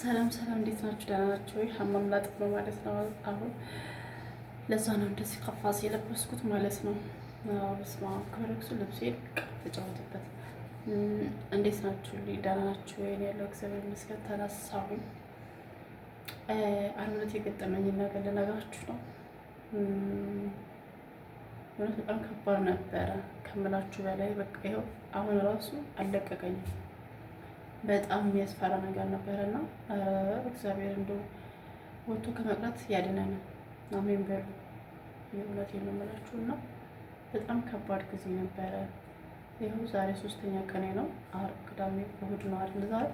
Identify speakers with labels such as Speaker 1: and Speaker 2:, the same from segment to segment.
Speaker 1: ሰላም ሰላም፣ እንዴት ናችሁ? ደህና ናችሁ ወይ? ሀማም ላጥፍ ነው ማለት ነው። አሁን ለዛ ነው እንደዚህ ቀፋስ የለበስኩት ማለት ነው። ስማ ከረክሱ ልብሴ ተጫወትበት። እንዴት ናችሁ? ደህና ናችሁ ወይ? ያለው እግዚአብሔር ይመስገን ተነሳሁኝ። አርምነት የገጠመኝ ነገር ልነግራችሁ ነው። በጣም ከባድ ነበረ ከምላችሁ በላይ በቃ ይኸው አሁን ራሱ አልለቀቀኝም። በጣም የሚያስፈራ ነገር ነበረ ነበረና እግዚአብሔር እንደው ወጥቶ ከመቅረት ያድነን። አሜን በሉ። የእውነት የምመላችሁ እና በጣም ከባድ ጊዜ ነበረ። ይኸው ዛሬ ሶስተኛ ቀኔ ነው። አርብ፣ ቅዳሜ፣ እሑድ ነው አይደል ዛሬ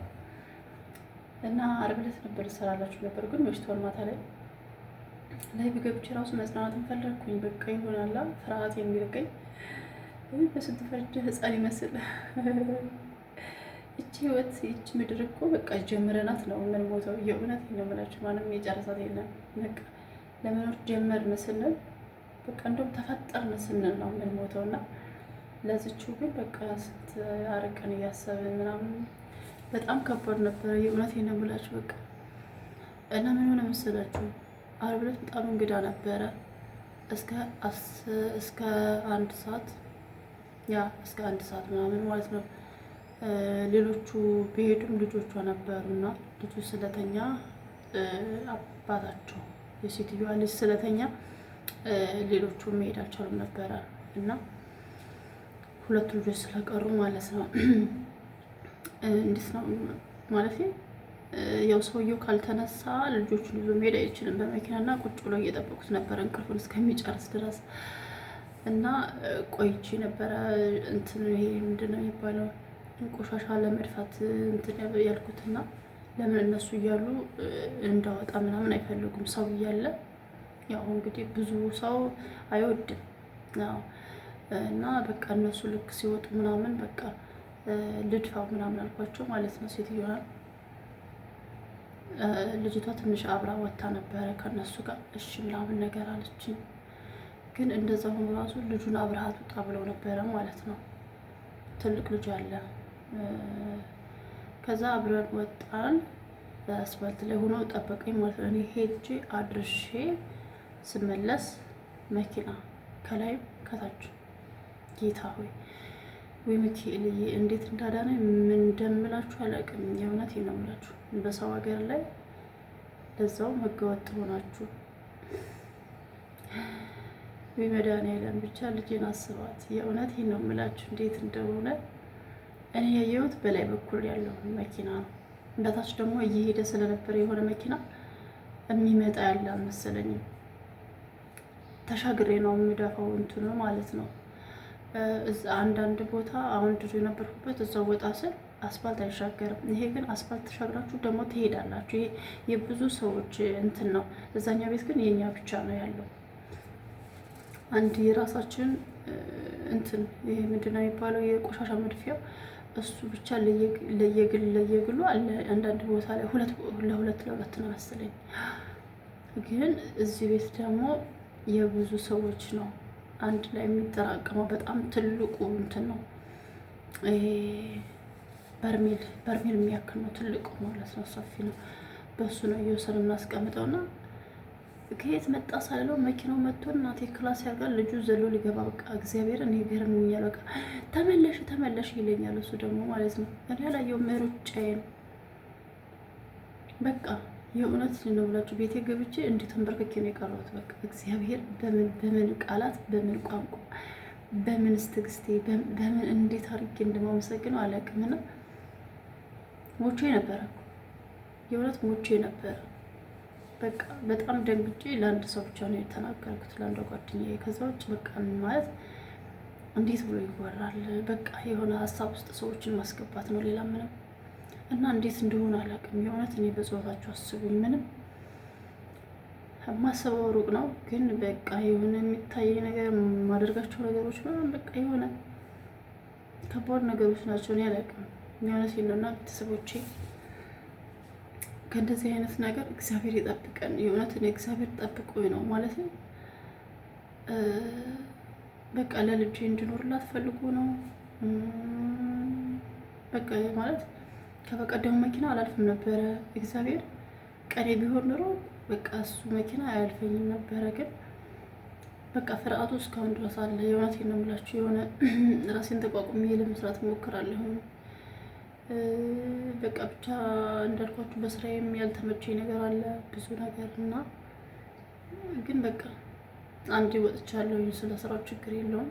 Speaker 1: እና አርብ ዕለት ነበር እሰራላችሁ ነበር፣ ግን መሽቷል። ማታ ላይ ላይ ብገብቼ ራሱ መጽናናትን ፈለግኩኝ። በቃ ይሆናላ ፍርሃት የሚልቀኝ በስንት ፈርድ ህፃን ይመስል ህይወት ይች ምድር እኮ በቃ ጀምረናት ነው ምን ቦታው የእውነት ነው የምላችሁ፣ ማንም የጨረሳት የለም። በቃ ለመኖር ጀመርን ስንል በቃ እንደውም ተፈጠርን ስንል ነው ምን ቦታው እና ለዝቹ ግን በቃ ስትአርቅን እያሰብን ምናምን በጣም ከባድ ነበረ። የእውነት ነው የምላችሁ በቃ እና ምን ሆነ መሰላችሁ፣ ዓርብ ዕለት በጣም እንግዳ ነበረ እስከ አንድ ሰዓት ያ እስከ አንድ ሰዓት ምናምን ማለት ነው ሌሎቹ ቢሄዱም ልጆቿ ነበሩና ልጁ ስለተኛ አባታቸው የሴትዮዋ ልጅ ስለተኛ ሌሎቹ መሄድ አልቻሉም ነበረ እና ሁለቱ ልጆች ስለቀሩ ማለት ነው። እንዴት ነው ማለት ያው ሰውየው ካልተነሳ ልጆቹን ይዞ መሄድ አይችልም። በመኪናና ቁጭ ብለው እየጠበቁት ነበረ እንቅልፉን እስከሚጨርስ ድረስ እና ቆይቼ ነበረ እንትን ይሄ ምንድን ነው የሚባለው ቆሻሻ ለመድፋት እንትን ያልኩትና ለምን እነሱ እያሉ እንዳወጣ ምናምን አይፈልጉም። ሰው እያለ ያው እንግዲህ ብዙ ሰው አይወድም እና በቃ እነሱ ልክ ሲወጡ ምናምን በቃ ልድፋው ምናምን አልኳቸው ማለት ነው። ሴትዮዋ ልጅቷ ትንሽ አብራ ወታ ነበረ ከእነሱ ጋር እሺ ምናምን ነገር አለችኝ። ግን እንደዛ ሆኖ ራሱ ልጁን አብረሃት ውጣ ብለው ነበረ ማለት ነው። ትልቅ ልጅ አለ ከዛ አብረን ወጣን። በአስፋልት ላይ ሆኖ ጠበቀኝ ማለት ነው። እኔ ሄጄ አድርሼ ስመለስ መኪና ከላይ ከታች ጌታ ሆይ ወይ ሚካኤልዬ እንዴት እንዳዳነኝ ምን እንደምላችሁ አላውቅም። የእውነት ነው የምላችሁ በሰው ሀገር ላይ ለዛው መገወጥ ሆናችሁ ወይ መድኃኒዓለም ብቻ ልጄን አስባት። የእውነት ነው የምላችሁ እንዴት እንደሆነ እኔ ያየሁት በላይ በኩል ያለው መኪና ነው። እንደታች ደግሞ እየሄደ ስለነበረ የሆነ መኪና የሚመጣ ያለ መሰለኝ ተሻግሬ ነው የምደፋው እንትኑ ማለት ነው። አንዳንድ ቦታ አሁን ድሮ የነበርኩበት እዛው ወጣ ስል አስፋልት አይሻገርም። ይሄ ግን አስፋልት ተሻግራችሁ ደግሞ ትሄዳላችሁ። ይሄ የብዙ ሰዎች እንትን ነው። እዛኛ ቤት ግን የኛ ብቻ ነው ያለው። አንድ የራሳችን እንትን ይሄ ምንድን ነው የሚባለው የቆሻሻ መድፊያው እሱ ብቻ ለየግል ለየግሉ አንዳንድ ቦታ ላይ ለሁለት ለሁለት ነው መሰለኝ። ግን እዚህ ቤት ደግሞ የብዙ ሰዎች ነው አንድ ላይ የሚጠራቀመው። በጣም ትልቁ እንትን ነው በርሜል በርሜል የሚያክል ነው ትልቁ ማለት ነው፣ ሰፊ ነው። በእሱ ነው እየወሰን እናስቀምጠውና ከየት መጣ ሳይለው መኪናው መጥቶ እናቴ ክላስ ያልቃል ልጁ ዘሎ ሊገባ በቃ እግዚአብሔር እኔ ገርም ይኛል። በቃ ተመለሽ ተመለሽ ይለኛል እሱ ደግሞ ማለት ነው። እኔ አላየሁም ሩጫዬን በቃ የእውነት ነው ብላችሁ ቤቴ ገብቼ እንዲህ ተንበርክኬ ነው የቀረሁት። በቃ እግዚአብሔር በምን በምን ቃላት በምን ቋንቋ በምን ስትግስቴ በምን እንዴት አድርጌ እንደማመሰግነው አላውቅም። ሞቼ ነበረ የእውነት ሞቼ ነበረ። በቃ በጣም ደንግጬ ለአንድ ሰው ብቻ ነው የተናገርኩት፣ ለአንድ ጓደኛዬ። ከዛ ውጭ በቃ ማለት እንዴት ብሎ ይወራል? በቃ የሆነ ሀሳብ ውስጥ ሰዎችን ማስገባት ነው፣ ሌላ ምንም እና እንዴት እንደሆነ አላውቅም። የእውነት እኔ በጽዋታችሁ አስቡኝ። ምንም ማሰበው ሩቅ ነው፣ ግን በቃ የሆነ የሚታይ ነገር ማደርጋቸው ነገሮች ምናምን በቃ የሆነ ከባድ ነገሮች ናቸው። እኔ አላውቅም የእውነት የለውና ቤተሰቦቼ ከእንደዚህ አይነት ነገር እግዚአብሔር ይጠብቀን። የእውነት እኔ እግዚአብሔር ጠብቆኝ ነው ማለት ነው። በቃ ለልጄ እንድኖርላት ፈልጎ ነው። በቃ ማለት ከበቀደሙ መኪና አላልፍም ነበረ። እግዚአብሔር ቀኔ ቢሆን ኖሮ በቃ እሱ መኪና አያልፈኝም ነበረ። ግን በቃ ፍርሃቱ እስካሁን ድረስ አለ። የእውነት ነው የምላችሁ። የሆነ ራሴን ተቋቁሜ ለመስራት እሞክራለሁ። በቃ ብቻ እንዳልኳችሁ በስራዬም ያልተመቸኝ ነገር አለ ብዙ ነገር እና ግን በቃ አንዴ ወጥቻለሁ። ስለ ስራው ችግር የለውም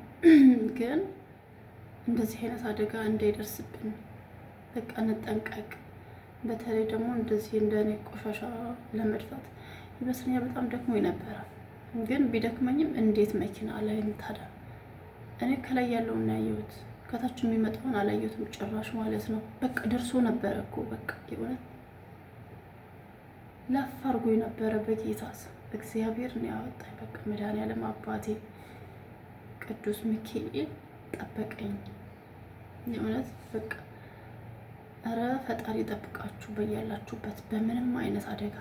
Speaker 1: ግን እንደዚህ አይነት አደጋ እንዳይደርስብን በቃ እንጠንቀቅ። በተለይ ደግሞ እንደዚህ እንደኔ ቆሻሻ ለመድፋት ይመስለኛል በጣም ደክሞ ነበረ። ግን ቢደክመኝም እንዴት መኪና ላይ ታዳ እኔ ከላይ ያለውን ያየሁት ከታች የሚመጣውን አላየሁትም ጭራሽ ማለት ነው። በቃ ደርሶ ነበረ እኮ በቃ የእውነት ላፍ አድርጎ የነበረ በጌታ እግዚአብሔር ነው ያወጣኝ። በቃ መድኃኒዓለም አባቴ ቅዱስ ሚካኤል ጠበቀኝ። የእውነት በቃ እረ ፈጣሪ ጠብቃችሁ በያላችሁበት በምንም አይነት አደጋ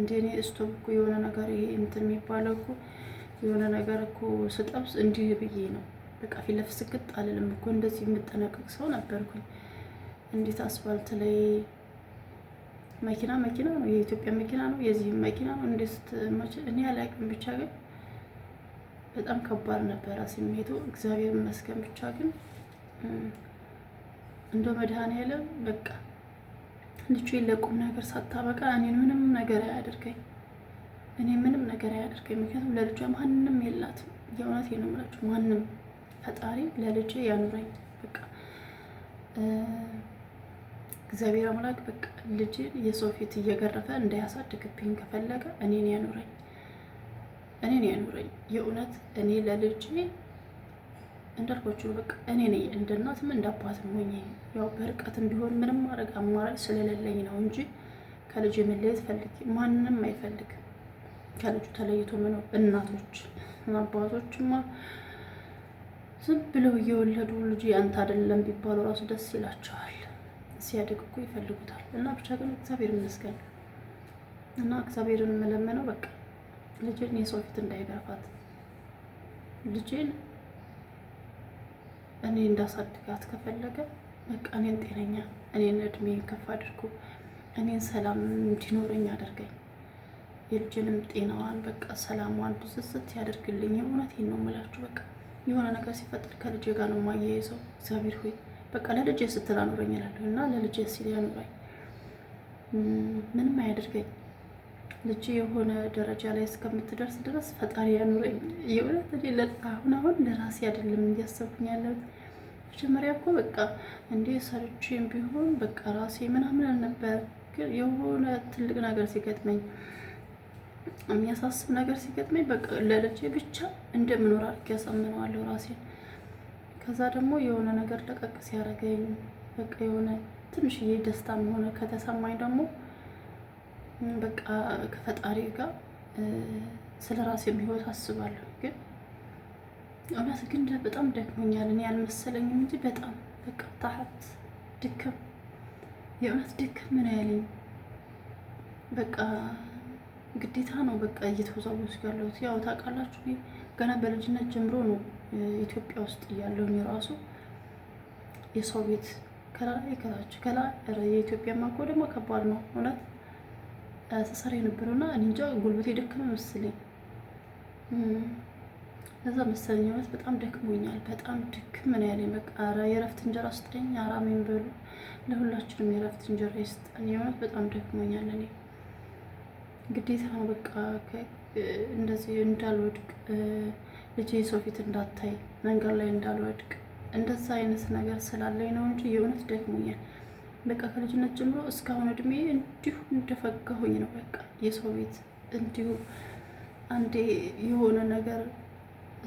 Speaker 1: እንደ እኔ እስቶብ እኮ የሆነ ነገር ይሄ እንትን የሚባለው እኮ የሆነ ነገር እኮ ስጠብስ እንዲህ ብዬ ነው በቃ ፊት ለፊት ስግጥ አልልም እኮ እንደዚህ የምጠነቀቅ ሰው ነበርኩኝ። እንዴት አስፋልት ላይ መኪና መኪና ነው፣ የኢትዮጵያ መኪና ነው፣ የዚህም መኪና ነው። እንዴት እኔ አላውቅም። ብቻ ግን በጣም ከባድ ነበረ ስሜቱ። እግዚአብሔር ይመስገን። ብቻ ግን እንደ መድኃኔዓለም በቃ ልጁ የለቁም ነገር ሳታበቃ እኔን ምንም ነገር አያደርገኝ፣ እኔ ምንም ነገር አያደርገኝ። ምክንያቱም ለልጇ ማንም የላትም። የእውነት ነው የምላችሁ ማንም ፈጣሪ ለልጅ ያኑረኝ። በቃ እግዚአብሔር አምላክ በቃ ልጅ የሰው ፊት እየገረፈ እንዳያሳድግብኝ ከፈለገ እኔን ያኑረኝ፣ እኔን ያኑረኝ። የእውነት እኔ ለልጅ እንዳልኳችሁ በቃ እኔ ነኝ እንደ እናትም እንደ አባትም ሆኜ ያው በርቀትም ቢሆን ምንም ማድረግ አማራጭ ስለሌለኝ ነው እንጂ ከልጅ መለየት ፈልግ ማንንም አይፈልግም። ከልጁ ተለይቶ መኖር እናቶች አባቶችማ ዝም ብለው እየወለዱ ልጁ ያንተ አይደለም ቢባሉ ራሱ ደስ ይላቸዋል። ሲያደግ እኮ ይፈልጉታል። እና ብቻ ግን እግዚአብሔር ይመስገን እና እግዚአብሔርን መለመነው በቃ ልጄን የሰው ፊት እንዳይገርፋት ልጄን እኔ እንዳሳድጋት ከፈለገ በቃ እኔን ጤነኛ እኔን እድሜን ከፍ አድርጎ እኔን ሰላም እንዲኖረኝ አደርገኝ የልጅንም ጤናዋን በቃ ሰላሟን ብዝስት ያደርግልኝ። እውነቴን ነው የምላችሁ በቃ የሆነ ነገር ሲፈጠር ከልጄ ጋር ነው የማያይዘው። እግዚአብሔር ሆይ በቃ ለልጄ ስትል አኑረኝ እላለሁ እና ለልጄ ሲል ያኑረኝ፣ ምንም አያደርገኝ። ልጄ የሆነ ደረጃ ላይ እስከምትደርስ ድረስ ፈጣሪ ያኑረኝ። የእውነት እኔ አሁን አሁን ለራሴ አይደለም እንዲያሰብኩኝ ያለሁት። መጀመሪያ እኮ በቃ እንዲህ ሰርቼም ቢሆን በቃ ራሴ ምናምን አልነበር፣ ግን የሆነ ትልቅ ነገር ሲገጥመኝ የሚያሳስብ ነገር ሲገጥመኝ በቃ ለልጄ ብቻ እንደምኖር አድርጌ ያሳምነዋለሁ ራሴን። ከዛ ደግሞ የሆነ ነገር ለቀቅ ሲያደርገኝ በቃ የሆነ ትንሽዬ ደስታ ሆነ ከተሰማኝ ደግሞ በቃ ከፈጣሪ ጋር ስለ ራሴም ህይወት አስባለሁ። ግን እውነት ግን በጣም ደክሞኛል። እኔ ያልመሰለኝም እንጂ በጣም በቃ ታሀት ድክም የእውነት ድክም ምን ያለኝ በቃ ግዴታ ነው። በቃ እየተወዛወዝኩ ያለሁት ያው ታውቃላችሁ፣ ገና በልጅነት ጀምሮ ነው ኢትዮጵያ ውስጥ እያለሁኝ ራሱ የሰው ቤት ከላይ ከታች ከላይ የኢትዮጵያ ማኮ ደግሞ ከባድ ነው እውነት ተሰራ የነበረውና እንጃ ጉልበቴ ደከመ መሰለኝ። ለዛ መሰለኝ እውነት በጣም ደክሞኛል። በጣም ድክም ምን ያለ በቃ ኧረ የእረፍት እንጀራ ስጠኝ። አራሜን በሉ ለሁላችንም የእረፍት እንጀራ ይስጠን። የእውነት በጣም ደክሞኛል እኔ ግዴታ ነው በቃ እንደዚህ እንዳልወድቅ ልጅ ሰው ፊት እንዳታይ መንገድ ላይ እንዳልወድቅ እንደዛ አይነት ነገር ስላለኝ ነው እንጂ የእውነት ደክሞኛል። በቃ ከልጅነት ጀምሮ እስካሁን እድሜ እንዲሁ እንደፈጋሁኝ ነው። በቃ የሰው ቤት እንዲሁ አንዴ የሆነ ነገር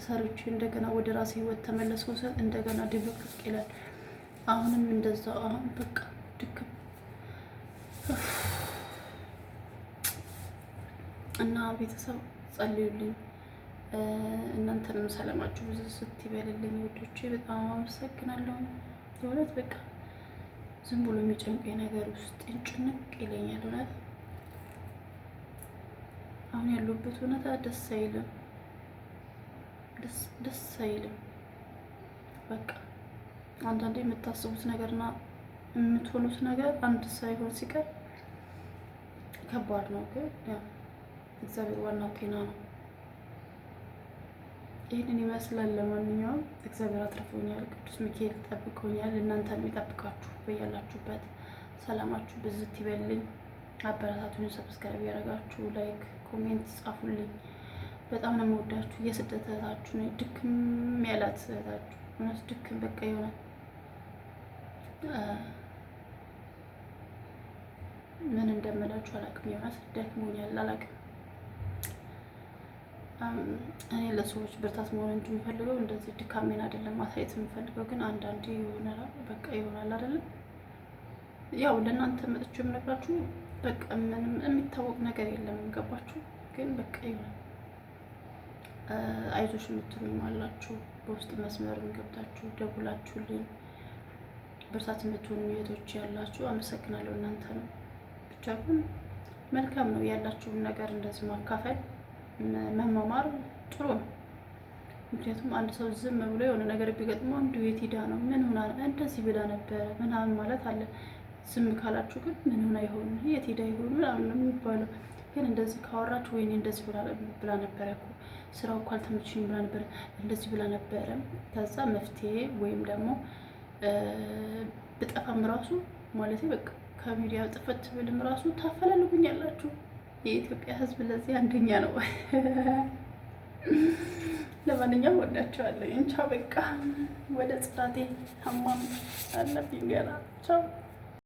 Speaker 1: ሰርቼ እንደገና ወደ ራሴ ህይወት ተመለስኩ ስል እንደገና ድብቅ ይላል። አሁንም እንደዛው አሁን በቃ ድክም እና ቤተሰብ ጸልዩልኝ። እናንተንም ሰላማችሁ ብዙ ስት ይበልልኝ። በጣም አመሰግናለሁ። እውነት በቃ ዝም ብሎ የሚጨንቀኝ ነገር ውስጥ ጭንቅ ይለኛል። እውነት አሁን ያለሁበት እውነታ ደስ አይልም፣ ደስ አይልም። በቃ አንዳንዴ የምታስቡት ነገርና የምትሆኑት ነገር አንድ ሳይሆን ሲቀር ከባድ ነው ግን እግዚአብሔር ዋናው ጤና ነው። ይህንን ይመስላል። ለማንኛውም እግዚአብሔር አትርፎኛል፣ ቅዱስ ሚካኤል ጠብቆኛል። እናንተም ይጠብቃችሁ። በያላችሁበት ሰላማችሁ ብዝት ይበልኝ። ሰብስክራይብ ያደረጋችሁ፣ ላይክ፣ ኮሜንት ጻፉልኝ። በጣም ነው የምወዳችሁ። የስደት እህታችሁ ነኝ። ድክም ያላት እህታችሁ እውነት ድክም በቃ የሆነ ምን እንደምላችሁ አላውቅም። የሆነ ስደት መሆን ያለ አላውቅም እኔ ለሰዎች ብርታት መሆን እንጂ የምፈልገው እንደዚህ ድካሜን አይደለም ማሳየት የምፈልገው፣ ግን አንዳንዴ ይሆናል በቃ ይሆናል አይደለም። ያው ለእናንተ መጥቼ የምነግራችሁ በቃ ምንም የሚታወቅ ነገር የለም ገባችሁ? ግን በቃ ይሆናል። አይዞሽ የምትሉኝ አላችሁ፣ በውስጥ መስመር ገብታችሁ ደውላችሁልኝ ብርታት የምትሆኑ እህቶች ያላችሁ አመሰግናለሁ። እናንተ ነው ብቻ ግን መልካም ነው ያላችሁን ነገር እንደዚህ ማካፈል መማማር ጥሩ ነው። ምክንያቱም አንድ ሰው ዝም ብሎ የሆነ ነገር ቢገጥመው እንዲሁ የት ሂዳ ነው ምን ሆና እንደዚህ ብላ ነበረ ምናምን ማለት አለ። ዝም ካላችሁ ግን ምን ሆና ይሆን የት ሂዳ ይሆን ምናምን ነው የሚባለው። ግን እንደዚህ ካወራችሁ ወይኔ እንደዚህ ብላ ነበረ እኮ ስራው እኮ አልተመቸኝም ብላ ነበረ እንደዚህ ብላ ነበረ። ከዛ መፍትሄ ወይም ደግሞ ብጠፋም ራሱ ማለት በቃ ከሚዲያ ጥፈት ብልም ራሱ ያላችሁ የኢትዮጵያ ሕዝብ ለዚህ አንደኛ ነው። ለማንኛውም ወዳቸዋለሁ። ቻው በቃ ወደ ጽዳቴ ሀማም አለብኝ ገና ቻው።